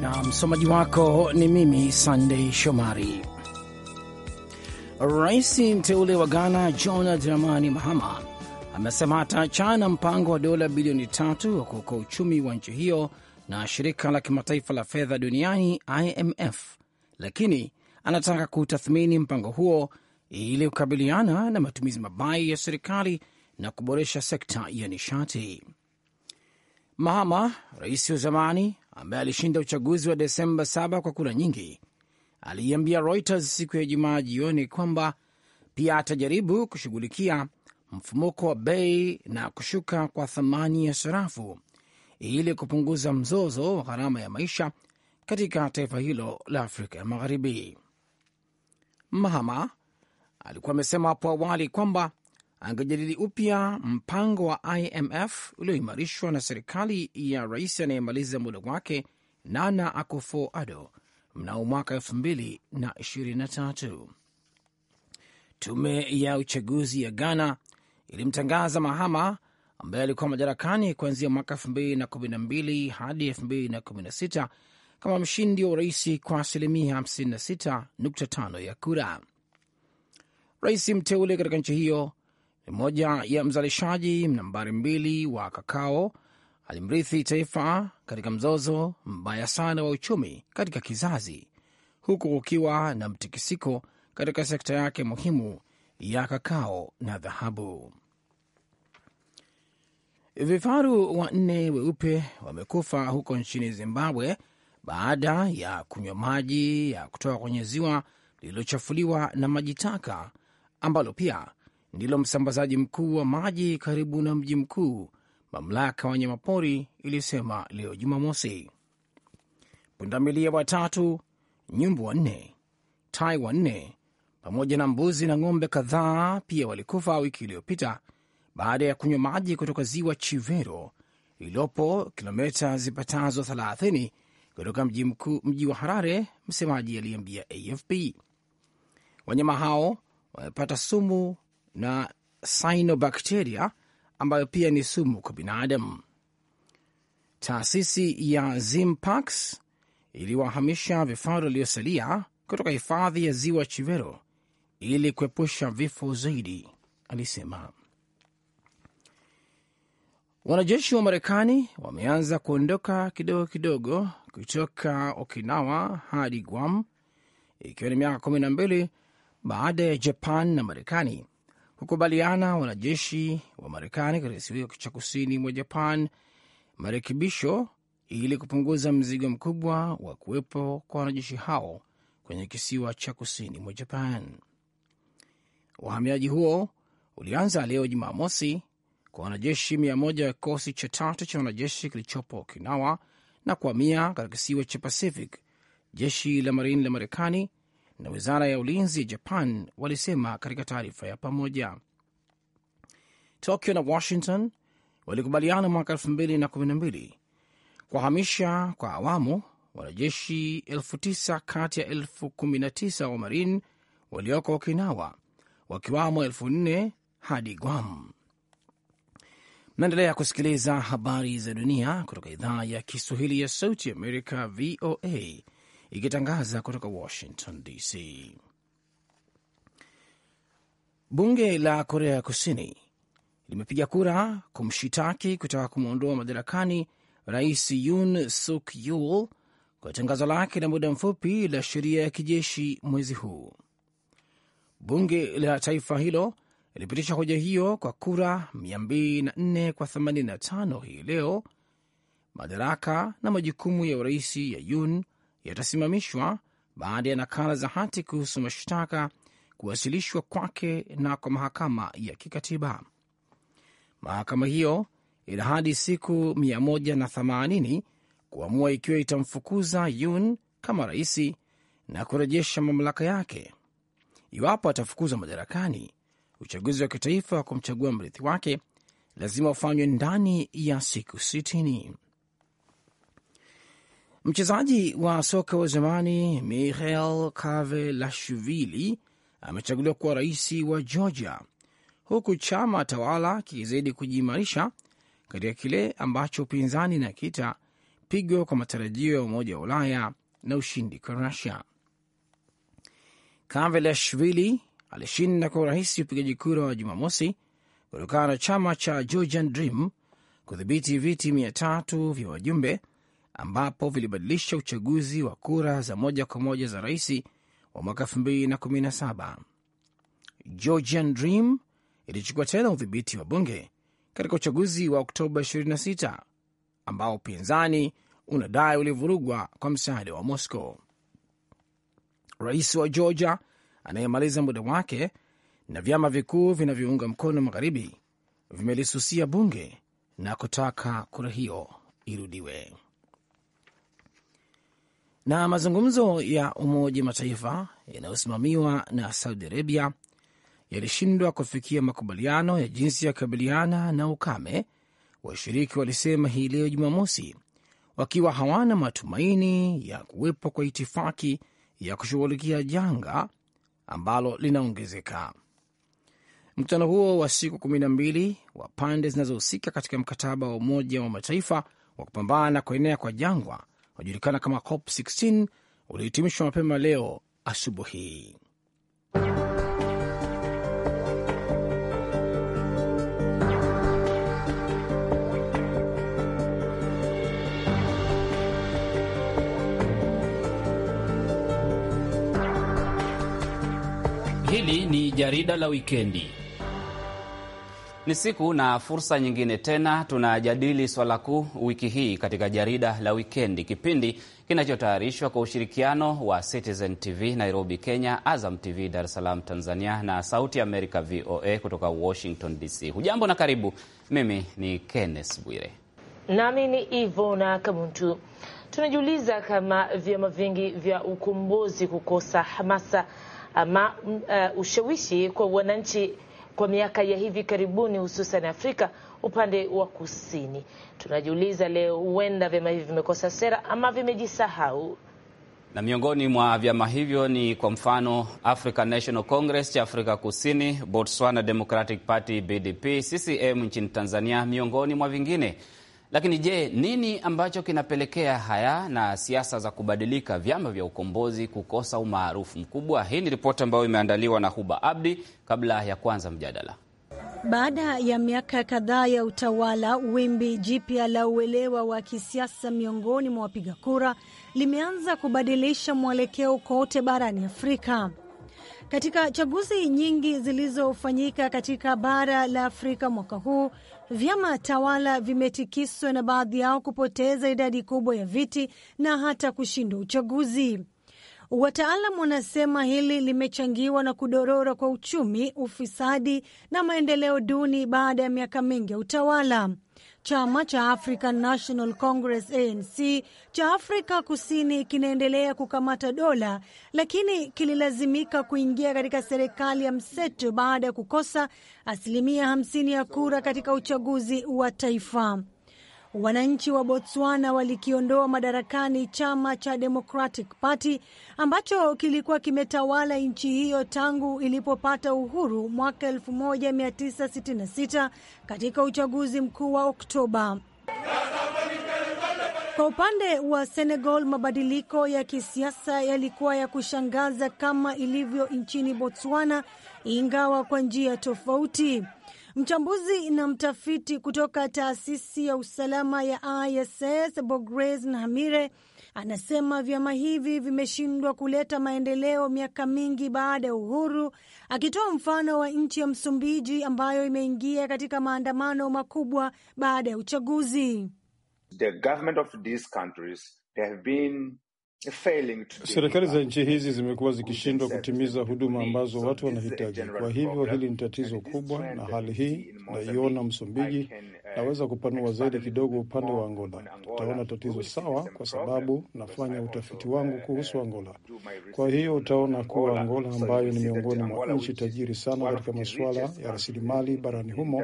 na msomaji wako ni mimi Sandei Shomari. Rais mteule wa Ghana John Dramani Mahama amesema ataachana mpango wa dola bilioni tatu wa kuokoa uchumi wa nchi hiyo na shirika la kimataifa la fedha duniani IMF, lakini anataka kutathmini mpango huo ili kukabiliana na matumizi mabaya ya serikali na kuboresha sekta ya nishati. Mahama, rais wa zamani ambaye alishinda uchaguzi wa Desemba 7 kwa kura nyingi, aliiambia Reuters siku ya Ijumaa jioni kwamba pia atajaribu kushughulikia mfumuko wa bei na kushuka kwa thamani ya sarafu ili kupunguza mzozo wa gharama ya maisha katika taifa hilo la Afrika ya Magharibi. Mahama alikuwa amesema hapo awali kwamba angejadili upya mpango wa IMF ulioimarishwa na serikali ya rais anayemaliza muda wake Nana akufo ado mnamo mwaka 2023. Tume ya uchaguzi ya Ghana ilimtangaza Mahama ambaye alikuwa madarakani kuanzia mwaka 2012 hadi 2016 kama mshindi wa urais kwa asilimia 56.5 ya kura. Rais mteule katika nchi hiyo moja ya mzalishaji nambari mbili wa kakao, alimrithi taifa katika mzozo mbaya sana wa uchumi katika kizazi, huku kukiwa na mtikisiko katika sekta yake muhimu ya kakao na dhahabu. Vifaru wanne weupe wamekufa huko nchini Zimbabwe baada ya kunywa maji ya kutoka kwenye ziwa lililochafuliwa na maji taka ambalo pia ndilo msambazaji mkuu wa maji karibu na mji mkuu, mamlaka ya wanyamapori ilisema leo Jumamosi. Pundamilia watatu, nyumbu wanne, tai wanne pamoja na mbuzi na ng'ombe kadhaa pia walikufa wiki iliyopita baada ya kunywa maji kutoka ziwa Chivero iliyopo kilomita zipatazo 30 kutoka mji mkuu, mji wa Harare. Msemaji aliambia AFP wanyama hao wamepata sumu na cyanobacteria ambayo pia ni sumu kwa binadamu. Taasisi ya Zimpax iliwahamisha vifaru waliosalia kutoka hifadhi ya ziwa Chivero ili kuepusha vifo zaidi, alisema. Wanajeshi wa Marekani wameanza kuondoka kidogo kidogo kutoka Okinawa hadi Guam, ikiwa ni miaka kumi na mbili baada ya Japan na Marekani kukubaliana wanajeshi wa Marekani katika kisiwa cha kusini mwa Japan marekebisho ili kupunguza mzigo mkubwa wa kuwepo kwa wanajeshi hao kwenye kisiwa cha kusini mwa Japan. Uhamiaji huo ulianza leo Jumamosi kwa wanajeshi mia moja wa kikosi cha tatu cha wanajeshi kilichopo Okinawa na kuhamia katika kisiwa cha Pacific, jeshi la marini la Marekani na wizara ya ulinzi ya Japan walisema katika taarifa ya pamoja. Tokyo na Washington walikubaliana mwaka 212 kuwahamisha kwa awamu wanajeshi elfu tisa kati ya elfu kumi na tisa wa marin walioko Okinawa, wakiwamo elfu nne hadi Guam. Mnaendelea kusikiliza habari za dunia kutoka idhaa ya Kiswahili ya Sauti Amerika, VOA, ikitangaza kutoka Washington DC. Bunge la Korea ya Kusini limepiga kura kumshitaki kutaka kumwondoa madarakani Rais Yoon Suk Yeol kwa tangazo lake la muda mfupi la sheria ya kijeshi mwezi huu. Bunge la taifa hilo ilipitisha hoja hiyo kwa kura 204 kwa 85 hii leo. Madaraka na majukumu ya urais ya Yun yatasimamishwa baada ya nakala za hati kuhusu mashtaka kuwasilishwa kwake na kwa mahakama ya kikatiba. Mahakama hiyo ina hadi siku 180 kuamua ikiwa itamfukuza Yun kama raisi na kurejesha mamlaka yake. Iwapo atafukuzwa madarakani, uchaguzi wa kitaifa wa kumchagua mrithi wake lazima ufanywe ndani ya siku sitini. Mchezaji wa soka wa zamani Mikhail Kavelashvili amechaguliwa kuwa rais wa Georgia, huku chama tawala kikizidi kujiimarisha katika kile ambacho upinzani na kita pigwa kwa matarajio ya Umoja wa Ulaya na ushindi kwa Rusia. Kavelashvili alishinda kwa urahisi upigaji kura wa Jumamosi kutokana na chama cha Georgian Dream kudhibiti viti mia tatu vya wajumbe ambapo vilibadilisha uchaguzi wa kura za moja kwa moja za rais wa mwaka 2017. Georgian Dream ilichukua tena udhibiti wa bunge katika uchaguzi wa Oktoba 26 ambao upinzani unadai ulivurugwa kwa msaada wa Moscow. Rais wa Georgia anayemaliza muda wake na vyama vikuu vinavyounga mkono magharibi vimelisusia bunge na kutaka kura hiyo irudiwe. Na mazungumzo ya Umoja Mataifa yanayosimamiwa na Saudi Arabia yalishindwa kufikia makubaliano ya jinsi ya kukabiliana na ukame, washiriki walisema hii leo Jumamosi, wakiwa hawana matumaini ya kuwepo kwa itifaki ya kushughulikia janga ambalo linaongezeka. Mkutano huo wa siku kumi na mbili wa pande zinazohusika katika mkataba wa Umoja wa Mataifa wa kupambana na kuenea kwa jangwa unajulikana kama COP 16 ulihitimishwa mapema leo asubuhi. Hili ni jarida la wikendi. Ni siku na fursa nyingine tena, tunajadili swala kuu wiki hii katika jarida la wikendi, kipindi kinachotayarishwa kwa ushirikiano wa Citizen TV Nairobi, Kenya, Azam TV Dar es Salaam, Tanzania, na Sauti Amerika VOA kutoka Washington DC. Hujambo na karibu. Mimi ni Kenneth Bwire nami ni Ivona Kamuntu. Tunajiuliza kama vyama vingi vya ukombozi kukosa hamasa ama uh, ushawishi kwa wananchi kwa miaka ya hivi karibuni, hususan Afrika upande wa kusini. Tunajiuliza leo, huenda vyama hivi vimekosa sera ama vimejisahau na miongoni mwa vyama hivyo ni kwa mfano African National Congress cha Afrika Kusini, Botswana Democratic Party BDP, CCM nchini Tanzania, miongoni mwa vingine. Lakini je, nini ambacho kinapelekea haya na siasa za kubadilika, vyama vya ukombozi kukosa umaarufu mkubwa? Hii ni ripoti ambayo imeandaliwa na Huba Abdi kabla ya kuanza mjadala. Baada ya miaka kadhaa ya utawala, wimbi jipya la uelewa wa kisiasa miongoni mwa wapiga kura limeanza kubadilisha mwelekeo kote barani Afrika. Katika chaguzi nyingi zilizofanyika katika bara la Afrika mwaka huu, Vyama tawala vimetikiswa na baadhi yao kupoteza idadi kubwa ya viti na hata kushindwa uchaguzi. Wataalam wanasema hili limechangiwa na kudorora kwa uchumi, ufisadi na maendeleo duni baada ya miaka mingi ya utawala. Chama cha African National Congress ANC cha Afrika Kusini kinaendelea kukamata dola, lakini kililazimika kuingia katika serikali ya mseto baada ya kukosa asilimia 50 ya kura katika uchaguzi wa taifa. Wananchi wa Botswana walikiondoa madarakani chama cha Democratic Party ambacho kilikuwa kimetawala nchi hiyo tangu ilipopata uhuru mwaka 1966 katika uchaguzi mkuu wa Oktoba. Kwa upande wa Senegal, mabadiliko ya kisiasa yalikuwa ya kushangaza kama ilivyo nchini Botswana, ingawa kwa njia tofauti. Mchambuzi na mtafiti kutoka taasisi ya usalama ya ISS Bogres Nhamire anasema vyama hivi vimeshindwa kuleta maendeleo miaka mingi baada ya uhuru, akitoa mfano wa nchi ya Msumbiji ambayo imeingia katika maandamano makubwa baada ya uchaguzi. The government of these countries, they have been Serikali za nchi hizi zimekuwa zikishindwa kutimiza huduma ambazo watu wanahitaji. Kwa hivyo hili ni tatizo kubwa, na hali hii naiona Msumbiji naweza kupanua zaidi kidogo upande wa Angola. Utaona tatizo sawa, kwa sababu nafanya utafiti wangu kuhusu Angola. Kwa hiyo utaona kuwa Angola ambayo ni miongoni mwa nchi tajiri sana katika masuala ya rasilimali barani humo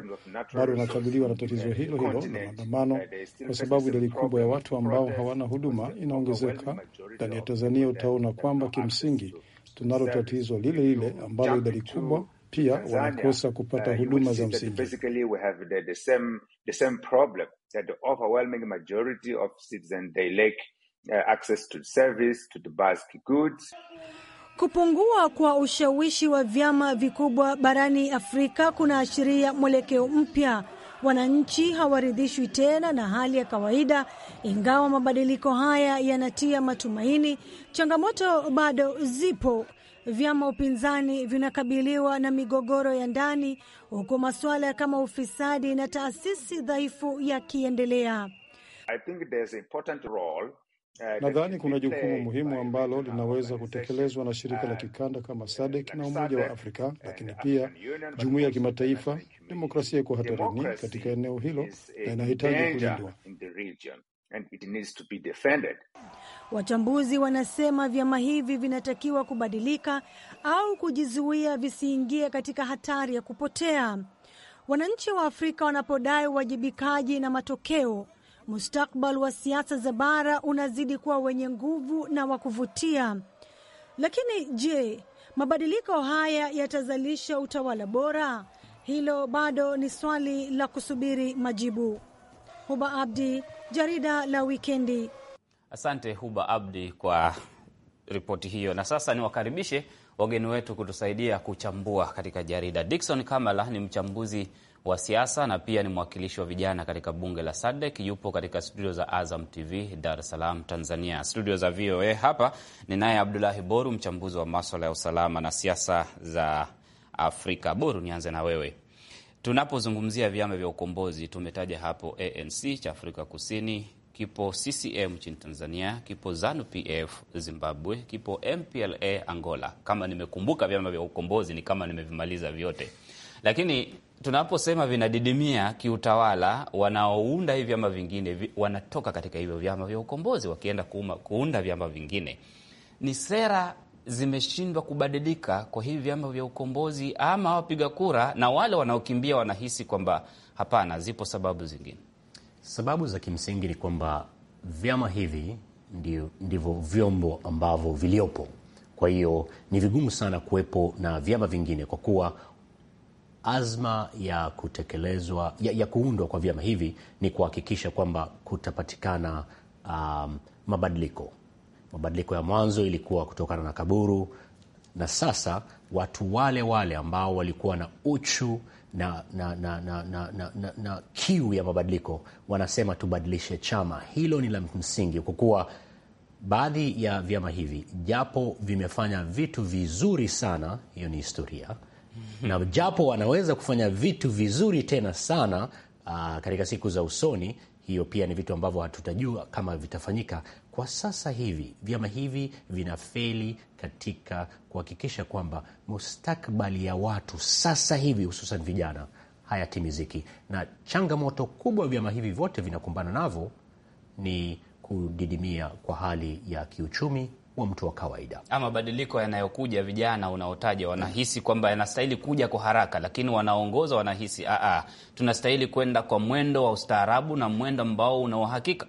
bado inakabiliwa na tatizo hilo hilo la maandamano, kwa sababu idadi kubwa ya watu ambao hawana huduma inaongezeka. Ndani ya Tanzania utaona kwamba kimsingi tunalo tatizo lile lile ambalo idadi kubwa pia wanakosa kupata uh, huduma za msingi. Kupungua kwa ushawishi wa vyama vikubwa barani Afrika kunaashiria mwelekeo mpya. Wananchi hawaridhishwi tena na hali ya kawaida. Ingawa mabadiliko haya yanatia matumaini, changamoto bado zipo vyama upinzani vinakabiliwa na migogoro ya ndani, huku masuala kama ufisadi na taasisi dhaifu yakiendelea. Uh, Nadhani kuna jukumu muhimu ambalo linaweza kutekelezwa na shirika la uh, kikanda kama SADC na Umoja wa Afrika, lakini pia jumuiya ya kimataifa. Demokrasia iko hatarini katika eneo hilo na inahitaji kulindwa. Wachambuzi wanasema vyama hivi vinatakiwa kubadilika au kujizuia visiingie katika hatari ya kupotea. Wananchi wa Afrika wanapodai uwajibikaji na matokeo, mustakbal wa siasa za bara unazidi kuwa wenye nguvu na wa kuvutia. Lakini je, mabadiliko haya yatazalisha utawala bora? Hilo bado ni swali la kusubiri majibu. Huba Abdi, jarida la Wikendi. Asante Huba Abdi kwa ripoti hiyo, na sasa niwakaribishe wageni wetu kutusaidia kuchambua katika jarida. Dikson Kamala ni mchambuzi wa siasa na pia ni mwakilishi wa vijana katika bunge la SADC. Yupo katika studio za Azam TV Dar es Salaam, Tanzania. Studio za VOA hapa ni naye Abdulahi Boru, mchambuzi wa maswala ya usalama na siasa za Afrika. Boru, nianze na wewe. Tunapozungumzia vyama vya ukombozi, tumetaja hapo ANC cha Afrika Kusini, kipo CCM nchini Tanzania, kipo ZANU PF Zimbabwe, kipo MPLA Angola, kama nimekumbuka vyama vya ukombozi ni kama nimevimaliza vyote. Lakini tunaposema vinadidimia kiutawala, wanaounda hivi vyama vingine wanatoka katika hivyo vyama vya ukombozi wakienda kuuma, kuunda vyama vingine. Ni sera zimeshindwa kubadilika kwa hivi vyama vya ukombozi ama wapiga kura na wale wanaokimbia wanahisi kwamba hapana, zipo sababu zingine. Sababu za kimsingi ni kwamba vyama hivi ndivyo vyombo ambavyo viliopo. Kwa hiyo ni vigumu sana kuwepo na vyama vingine kwa kuwa azma ya kutekelezwa ya, ya kuundwa kwa vyama hivi ni kuhakikisha kwamba kutapatikana um, mabadiliko. Mabadiliko ya mwanzo ilikuwa kutokana na kaburu na sasa watu wale wale ambao walikuwa na uchu na, na, na, na, na, na, na, na kiu ya mabadiliko wanasema tubadilishe chama. Hilo ni la msingi kwa kuwa baadhi ya vyama hivi japo vimefanya vitu vizuri sana, hiyo ni historia, mhm. na japo wanaweza kufanya vitu vizuri tena sana, uh, katika siku za usoni hiyo pia ni vitu ambavyo hatutajua kama vitafanyika. Kwa sasa hivi vyama hivi vinafeli katika kuhakikisha kwamba mustakbali ya watu sasa hivi, hususan vijana, hayatimiziki, na changamoto kubwa vyama hivi vyote vinakumbana navyo ni kudidimia kwa hali ya kiuchumi wa mtu wa kawaida. Mabadiliko yanayokuja, vijana unaotaja wanahisi kwamba yanastahili kuja kwa haraka, lakini wanaongoza wanahisi aa, ah, ah, tunastahili kwenda kwa mwendo wa ustaarabu na mwendo ambao una uhakika.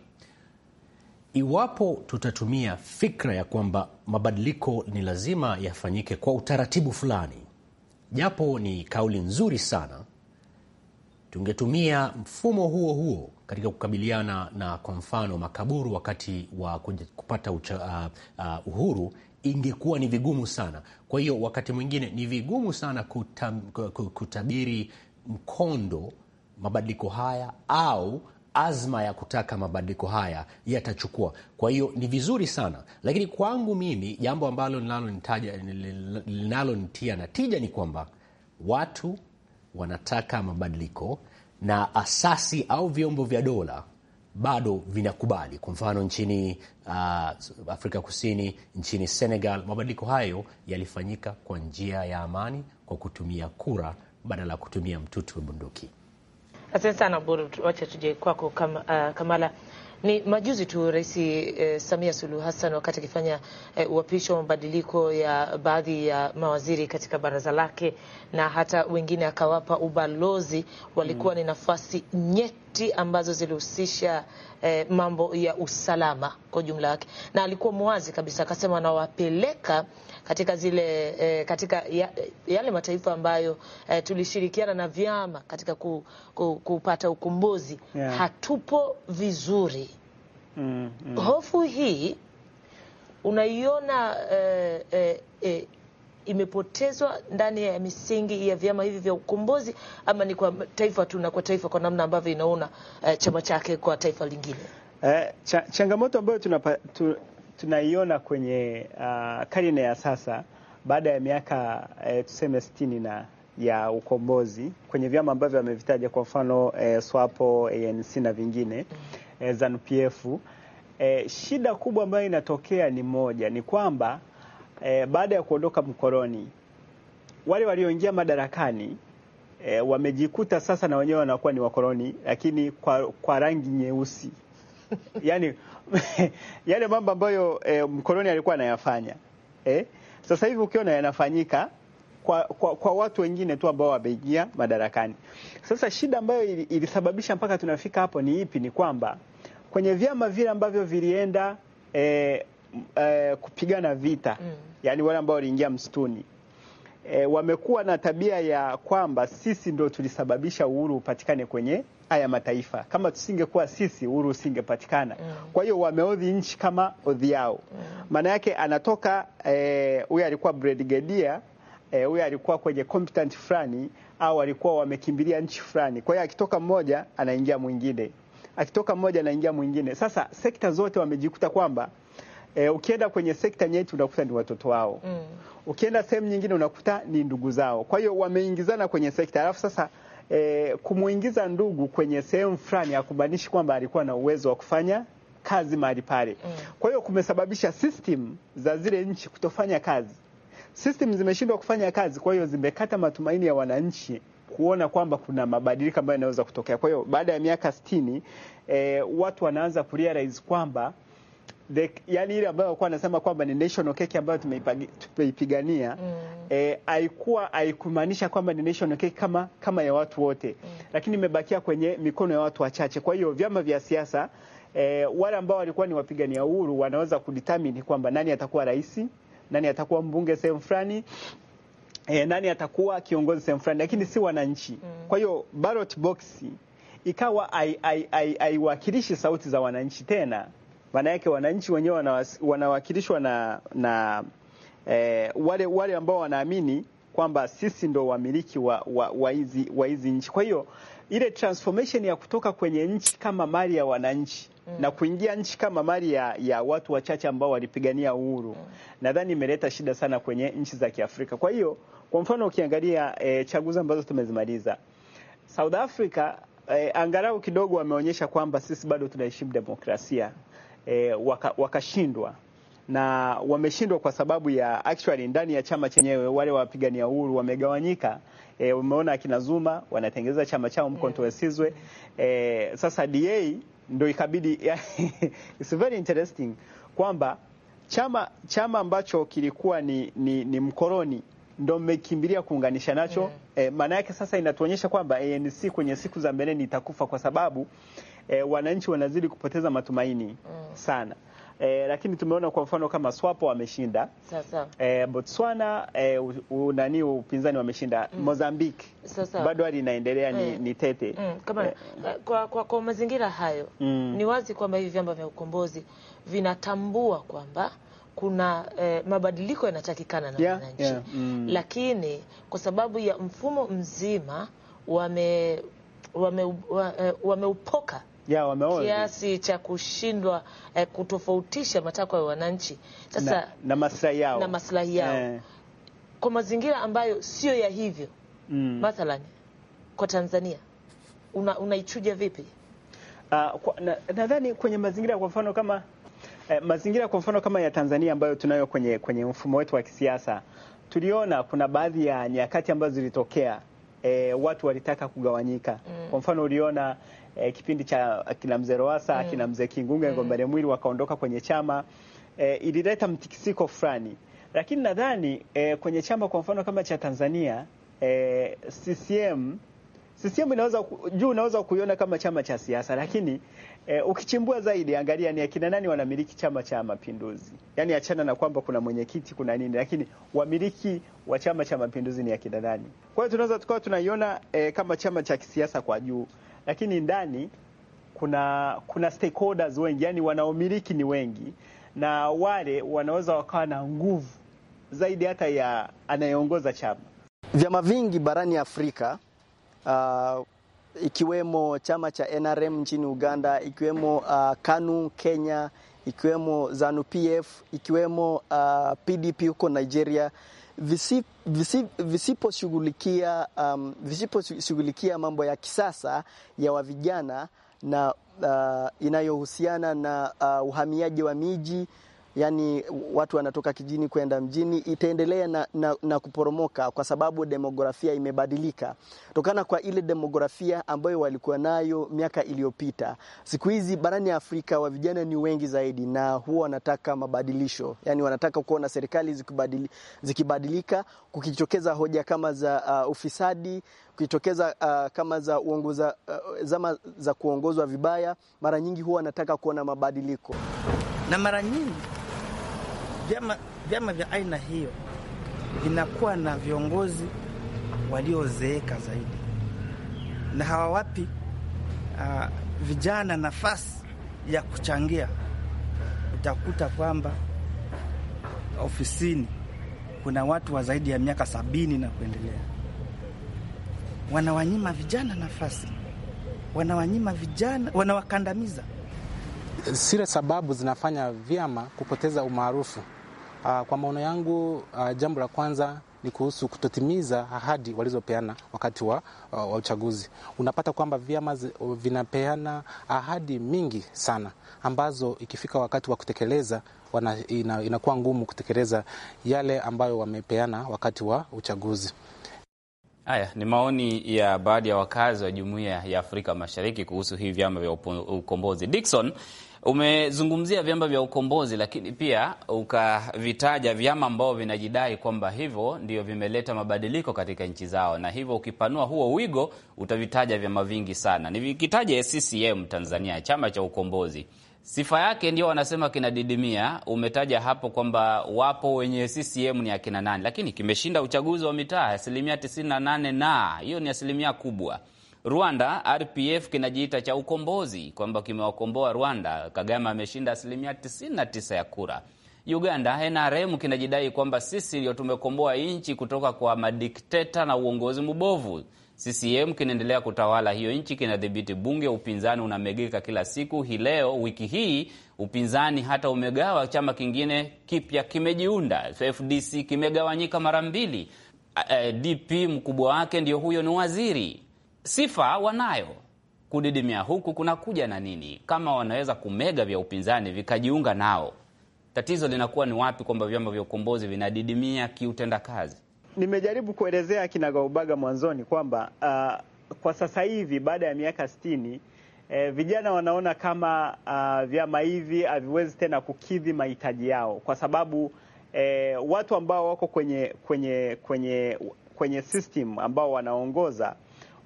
Iwapo tutatumia fikra ya kwamba mabadiliko ni lazima yafanyike kwa utaratibu fulani, japo ni kauli nzuri sana, tungetumia mfumo huo huo katika kukabiliana na kwa mfano makaburu wakati wa kupata ucha, uh, uhuru ingekuwa ni vigumu sana. Kwa hiyo wakati mwingine ni vigumu sana kutam, kutabiri mkondo mabadiliko haya au azma ya kutaka mabadiliko haya yatachukua. Kwa hiyo ni vizuri sana, lakini kwangu mimi jambo ambalo linalonitia natija ni kwamba watu wanataka mabadiliko na asasi au vyombo vya dola bado vinakubali. Kwa mfano nchini uh, Afrika Kusini, nchini Senegal, mabadiliko hayo yalifanyika kwa njia ya amani kwa kutumia kura badala ya kutumia mtutu wa bunduki. Asante sana Buru, wacha tuje kwako kam, uh, Kamala. Ni majuzi tu Rais eh, Samia Suluhu Hassan wakati akifanya eh, uapisho wa mabadiliko ya baadhi ya mawaziri katika baraza lake na hata wengine akawapa ubalozi, walikuwa mm. ni nafasi nyeti ambazo zilihusisha eh, mambo ya usalama kwa ujumla yake na alikuwa mwazi kabisa akasema anawapeleka katika zile e, katika ya, yale mataifa ambayo e, tulishirikiana na vyama katika ku, ku, kupata ukombozi yeah. Hatupo vizuri mm, mm. Hofu hii unaiona e, e, e, imepotezwa ndani ya misingi ya vyama hivi vya ukombozi, ama ni kwa taifa tu na kwa taifa kwa namna ambavyo inaona eh, chama chake kwa taifa lingine eh, cha, changamoto ambayo tunapa, tu, tunaiona kwenye uh, karne ya sasa baada ya miaka eh, tuseme sitini na ya ukombozi kwenye vyama ambavyo wamevitaja kwa mfano eh, SWAPO, ANC na vingine eh, ZANUPF. Eh, shida kubwa ambayo inatokea ni moja, ni kwamba eh, baada ya kuondoka mkoloni wale walioingia madarakani eh, wamejikuta sasa na wenyewe wanakuwa ni wakoloni, lakini kwa, kwa rangi nyeusi yani yale mambo ambayo e, mkoloni alikuwa anayafanya e? Sasa hivi ukiona yanafanyika kwa, kwa, kwa watu wengine tu ambao wameingia madarakani. Sasa shida ambayo ilisababisha mpaka tunafika hapo ni ipi? Ni kwamba kwenye vyama vile ambavyo vilienda e, e, kupigana vita mm. Yani wale ambao waliingia msituni e, wamekuwa na tabia ya kwamba sisi ndo tulisababisha uhuru upatikane kwenye haya mataifa. Kama tusingekuwa sisi, uhuru usingepatikana. mm. Kwa hiyo wameodhi nchi kama odhi yao. Mm. Maana yake anatoka eh, huyu e, alikuwa brigadier eh, huyu e, alikuwa kwenye competent fulani au alikuwa wamekimbilia nchi fulani. Kwa hiyo akitoka mmoja anaingia mwingine, akitoka mmoja anaingia mwingine. Sasa sekta zote wamejikuta kwamba E, ukienda kwenye sekta nyeti unakuta ni watoto wao mm. Ukienda sehemu nyingine unakuta ni ndugu zao, kwa hiyo wameingizana kwenye sekta alafu sasa e, kumuingiza ndugu kwenye sehemu fulani hakumaanishi kwamba alikuwa na uwezo wa kufanya kazi mahali pale mm. Kwa hiyo kumesababisha system za zile nchi kutofanya kazi, system zimeshindwa kufanya kazi, kwa hiyo zimekata matumaini ya wananchi kuona kwamba kuna mabadiliko ambayo yanaweza kutokea. Kwa hiyo baada ya miaka 60 e, eh, watu wanaanza kurealize kwamba the, yani ile ambayo alikuwa anasema kwamba ni national cake ambayo tumeipigania mm. E, haikuwa haikumaanisha kwamba ni national cake kama, kama ya watu wote mm. Lakini imebakia kwenye mikono ya watu wachache. Kwa hiyo vyama vya siasa e, wale ambao walikuwa ni wapigania uhuru wanaweza kudetermine kwamba nani atakuwa rais, nani atakuwa mbunge sehemu fulani e, nani atakuwa kiongozi sehemu fulani, lakini si wananchi mm. Kwa hiyo ballot box ikawa haiwakilishi sauti za wananchi tena maana yake wananchi wenyewe wanawakilishwa na, na eh, wale, wale ambao wanaamini kwamba sisi ndo wamiliki wa, wa, wa hizi wa nchi. Kwa hiyo ile transformation ya kutoka kwenye nchi kama mali ya wananchi mm. na kuingia nchi kama mali ya, ya watu wachache ambao walipigania uhuru mm. nadhani imeleta shida sana kwenye nchi za Kiafrika. Kwa hiyo kwa mfano ukiangalia eh, chaguzi ambazo tumezimaliza South Africa eh, angalau kidogo wameonyesha kwamba sisi bado tunaheshimu demokrasia e, wakashindwa waka na wameshindwa kwa sababu ya actually ndani ya chama chenyewe wale wapigania uhuru wamegawanyika. E, umeona akina Zuma wanatengeneza chama chao yeah. Mm. Wesizwe. E, eh, sasa DA ndio ikabidi it's very interesting kwamba chama chama ambacho kilikuwa ni, ni, ni mkoloni ndo mmekimbilia kuunganisha nacho yeah. Mm. E, maana yake sasa inatuonyesha kwamba ANC kwenye siku za mbeleni itakufa kwa sababu e, wananchi wanazidi kupoteza matumaini mm. sana e, lakini tumeona kwa mfano kama SWAPO wameshinda E, eh, Botswana e, unani upinzani wameshinda mm. Mozambique bado hali inaendelea mm. ni, ni tete mm. kama, e, kwa, kwa, kwa mazingira hayo mm. ni wazi kwamba hivi vyama vya ukombozi vinatambua kwamba kuna eh, mabadiliko yanatakikana na yeah, wananchi yeah, mm. Lakini kwa sababu ya mfumo mzima wame wameupoka wame ya, kiasi cha kushindwa eh, kutofautisha matakwa ya wananchi sasa na, maslahi yao, na maslahi yao. Eh, kwa mazingira ambayo sio ya hivyo mm. kwa Tanzania unaichuja vipi? Uh, nadhani na kwenye mazingira kwa mfano kama eh, mazingira kwa mfano kama ya Tanzania ambayo tunayo kwenye, kwenye mfumo wetu wa kisiasa tuliona kuna baadhi ya nyakati ambazo zilitokea eh, watu walitaka kugawanyika mm. Kwa mfano uliona eh, kipindi cha akina mzee Rowasa mm. akina mzee Kingunge, mm. Ngombale Mwili wakaondoka kwenye chama eh, ilileta mtikisiko fulani, lakini nadhani eh, kwenye chama kwa mfano kama cha Tanzania eh, CCM CCM inaweza juu, unaweza kuiona kama chama cha siasa, lakini eh, ukichimbua zaidi, angalia ni akina nani wanamiliki Chama cha Mapinduzi. Yaani achana na kwamba kuna mwenyekiti kuna nini, lakini wamiliki wa Chama cha Mapinduzi ni akina nani? Kwa hiyo tunaweza tukawa tunaiona eh, kama chama cha kisiasa kwa juu, lakini ndani kuna kuna stakeholders wengi, yani wanaomiliki ni wengi, na wale wanaweza wakawa na nguvu zaidi hata ya anayeongoza chama. Vyama vingi barani Afrika uh, ikiwemo chama cha NRM nchini Uganda, ikiwemo uh, KANU Kenya, ikiwemo ZANU PF, ikiwemo uh, PDP huko Nigeria visiposhughulikia um, visiposhughulikia mambo ya kisasa ya wavijana na uh, inayohusiana na uh, uhamiaji wa miji yani watu wanatoka kijini kwenda mjini, itaendelea na, na, na kuporomoka kwa sababu demografia imebadilika tokana kwa ile demografia ambayo walikuwa nayo miaka iliyopita. Siku hizi barani ya Afrika wa vijana ni wengi zaidi, na huwa wanataka mabadilisho, yani wanataka kuona serikali zikibadili, zikibadilika, kukitokeza hoja kama za uh, ufisadi kukitokeza uh, kama za uongoza, uh, zama za kuongozwa vibaya, mara nyingi huwa wanataka kuona mabadiliko na mara nyingi vyama, vyama vya aina hiyo vinakuwa na viongozi waliozeeka zaidi na hawawapi uh, vijana nafasi ya kuchangia. Utakuta kwamba ofisini kuna watu wa zaidi ya miaka sabini na kuendelea, wanawanyima vijana nafasi, wanawanyima vijana, wanawakandamiza Sile sababu zinafanya vyama kupoteza umaarufu, ah, kwa maono yangu, ah, jambo la kwanza ni kuhusu kutotimiza ahadi walizopeana wakati wa, ah, wa, uchaguzi. Unapata kwamba vyama vinapeana ahadi mingi sana ambazo ikifika wakati wa kutekeleza wana, inakuwa ngumu kutekeleza yale ambayo wamepeana wakati wa uchaguzi. Haya ni maoni ya baadhi ya wakazi wa jumuiya ya Afrika Mashariki kuhusu hivi vyama vya ukombozi. dikson umezungumzia vyama vya ukombozi, lakini pia ukavitaja vyama ambao vinajidai kwamba hivyo ndio vimeleta mabadiliko katika nchi zao, na hivyo ukipanua huo wigo utavitaja vyama vingi sana. Nivikitaje CCM Tanzania, chama cha ukombozi sifa yake ndio wanasema kinadidimia. Umetaja hapo kwamba wapo wenye CCM ni akina nani, lakini kimeshinda uchaguzi wa mitaa asilimia 98, na hiyo ni asilimia kubwa. Rwanda RPF kinajiita cha ukombozi kwamba kimewakomboa Rwanda, Kagame ameshinda asilimia 99 ya kura. Uganda NRM kinajidai kwamba sisi ndio tumekomboa nchi kutoka kwa madikteta na uongozi mbovu. CCM kinaendelea kutawala hiyo nchi, kinadhibiti bunge, upinzani unamegeka kila siku. Hii leo wiki hii upinzani hata umegawa, chama kingine kipya kimejiunda, FDC kimegawanyika mara mbili. Eh, DP mkubwa wake ndio huyo ni waziri, sifa wanayo kudidimia huku kunakuja na nini? Kama wanaweza kumega vya upinzani vikajiunga nao, tatizo linakuwa ni wapi? Kwamba vyama vya ukombozi vinadidimia kiutendakazi nimejaribu kuelezea kinagaubaga mwanzoni kwamba uh, kwa sasa hivi baada ya miaka sitini E, vijana wanaona kama uh, vyama hivi haviwezi tena kukidhi mahitaji yao kwa sababu e, watu ambao wako kwenye kwenye kwenye kwenye system ambao wanaongoza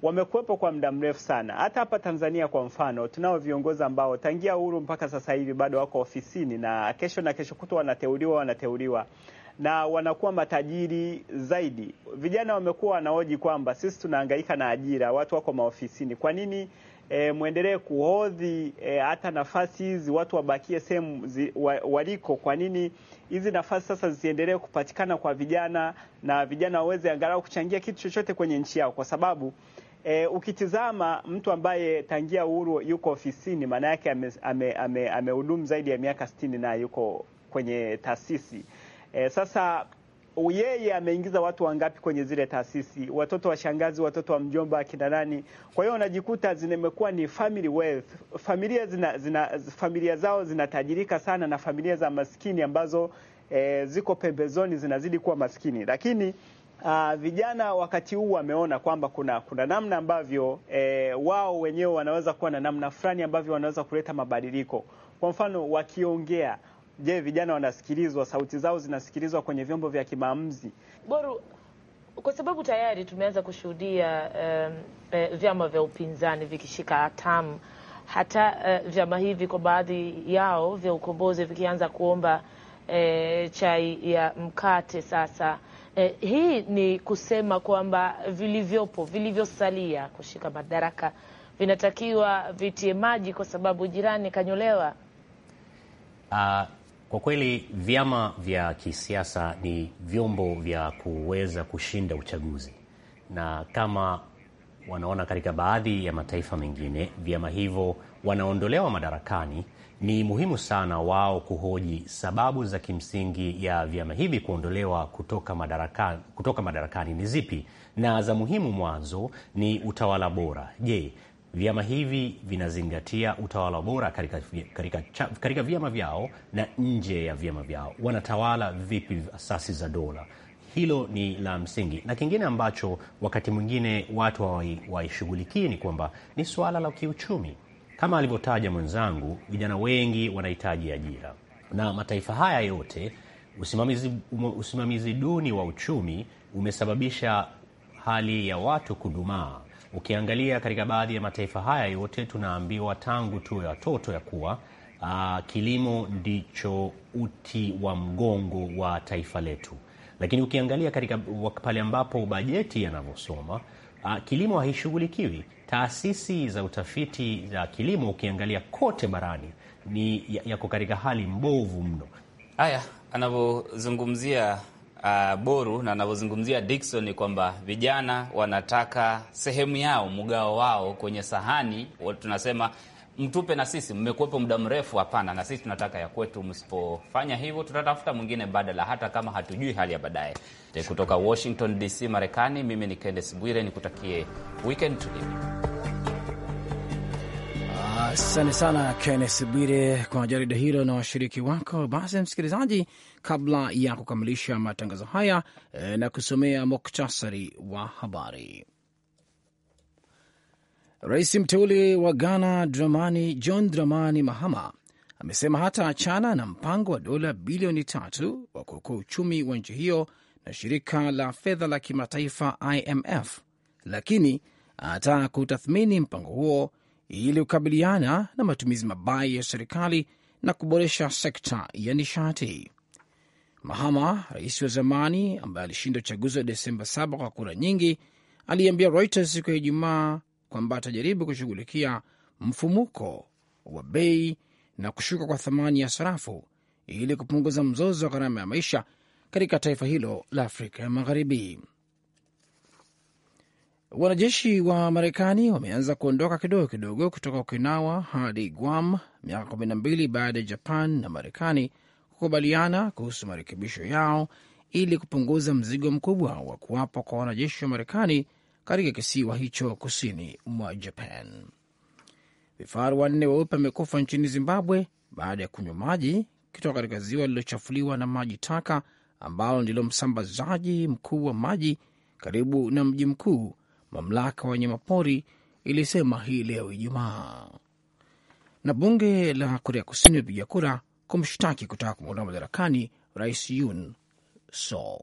wamekuwepo kwa muda mrefu sana. Hata hapa Tanzania kwa mfano, tunao viongozi ambao tangia uhuru mpaka sasa hivi bado wako ofisini na kesho na kesho kutwa wanateuliwa wanateuliwa na wanakuwa matajiri zaidi. Vijana wamekuwa wanaoji kwamba sisi tunahangaika na ajira, watu wako maofisini, kwa nini e, mwendelee kuhodhi e, hata nafasi hizi watu wabakie sehemu wa, waliko? Kwa nini hizi nafasi sasa zisiendelee kupatikana kwa vijana na vijana waweze angalau kuchangia kitu chochote kwenye nchi yao? Kwa sababu e, ukitizama mtu ambaye tangia uhuru yuko ofisini, maana yake amehudumu ame, ame, ame zaidi ya miaka sitini na yuko kwenye taasisi E, sasa yeye ameingiza watu wangapi kwenye zile taasisi, watoto wa shangazi, watoto wa mjomba, akina nani? Kwa hiyo wanajikuta zimekuwa ni family wealth. Familia zina, zina, familia zao zinatajirika sana na familia za maskini ambazo e, ziko pembezoni zinazidi kuwa maskini, lakini Uh, vijana wakati huu wameona kwamba kuna kuna namna ambavyo e, wao wenyewe wanaweza kuwa na namna fulani ambavyo wanaweza kuleta mabadiliko. Kwa mfano wakiongea Je, vijana wanasikilizwa? Sauti zao zinasikilizwa kwenye vyombo vya kimaamuzi? Boru, kwa sababu tayari tumeanza kushuhudia um, e, vyama vya upinzani vikishika hatamu hata uh, vyama hivi kwa baadhi yao vya ukombozi vikianza kuomba eh, chai ya mkate sasa. Eh, hii ni kusema kwamba vilivyopo vilivyosalia kushika madaraka vinatakiwa vitie maji, kwa sababu jirani kanyolewa. Uh, kwa kweli vyama vya kisiasa ni vyombo vya kuweza kushinda uchaguzi, na kama wanaona katika baadhi ya mataifa mengine vyama hivyo wanaondolewa madarakani, ni muhimu sana wao kuhoji sababu za kimsingi ya vyama hivi kuondolewa kutoka madarakani, kutoka madarakani ni zipi, na za muhimu mwanzo ni utawala bora. Je, vyama hivi vinazingatia utawala bora katika vyama vyao na nje ya vyama vyao. Wanatawala vipi asasi za dola? Hilo ni la msingi, na kingine ambacho wakati mwingine watu hawaishughulikii ni kwamba ni suala la kiuchumi. Kama alivyotaja mwenzangu, vijana wengi wanahitaji ajira, na mataifa haya yote usimamizi, usimamizi duni wa uchumi umesababisha hali ya watu kudumaa Ukiangalia katika baadhi ya mataifa haya yote, tunaambiwa tangu tuwe watoto ya kuwa uh, kilimo ndicho uti wa mgongo wa taifa letu, lakini ukiangalia katika pale ambapo bajeti yanavyosoma Uh, kilimo haishughulikiwi. Taasisi za utafiti za kilimo ukiangalia kote barani ni yako katika hali mbovu mno. Haya anavyozungumzia uh, Boru na anavyozungumzia Dikson ni kwamba vijana wanataka sehemu yao, mgao wao kwenye sahani. Tunasema mtupe na sisi, mmekuwepo muda mrefu. Hapana, na sisi tunataka ya kwetu. Msipofanya hivyo, tutatafuta mwingine badala, hata kama hatujui hali ya baadaye. Kutoka Washington DC, Marekani, mimi ni Kendes Bwire, nikutakie weekend tulivu. Asante sana Kennes Bwire kwa jarida hilo na washiriki wako. Basi msikilizaji, kabla ya kukamilisha matangazo haya e, na kusomea muktasari wa habari. Rais mteule wa Ghana Dramani John Dramani Mahama amesema hata achana na mpango wa dola bilioni tatu wa kuokoa uchumi wa nchi hiyo na shirika la fedha la kimataifa IMF, lakini anataka kutathmini mpango huo ili kukabiliana na matumizi mabaya ya serikali na kuboresha sekta ya nishati. Mahama, rais wa zamani ambaye alishinda uchaguzi wa Desemba 7 kwa kura nyingi, aliambia Reuters siku ya Ijumaa kwamba atajaribu kushughulikia mfumuko wa bei na kushuka kwa thamani ya sarafu ili kupunguza mzozo wa gharama ya maisha katika taifa hilo la Afrika ya Magharibi. Wanajeshi wa Marekani wameanza kuondoka kidogo kidogo kutoka Okinawa hadi Guam miaka kumi na mbili baada ya Japan na Marekani kukubaliana kuhusu marekebisho yao ili kupunguza mzigo mkubwa wa kuwapo kwa wanajeshi wa Marekani katika kisiwa hicho kusini mwa Japan. Vifaru wanne weupe wamekufa nchini Zimbabwe baada ya kunywa maji kutoka katika ziwa lililochafuliwa na maji taka ambalo ndilo msambazaji mkuu wa maji karibu na mji mkuu mamlaka wa wanyamapori ilisema hii leo Ijumaa. Na bunge la Korea Kusini imepiga kura kumshtaki kutaka kumwondoa madarakani Rais Yoon Suk.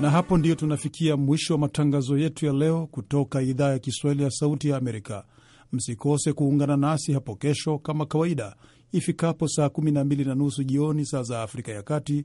Na hapo ndiyo tunafikia mwisho wa matangazo yetu ya leo kutoka idhaa ya Kiswahili ya Sauti ya Amerika. Msikose kuungana nasi hapo kesho kama kawaida ifikapo saa 12 na nusu jioni saa za Afrika ya Kati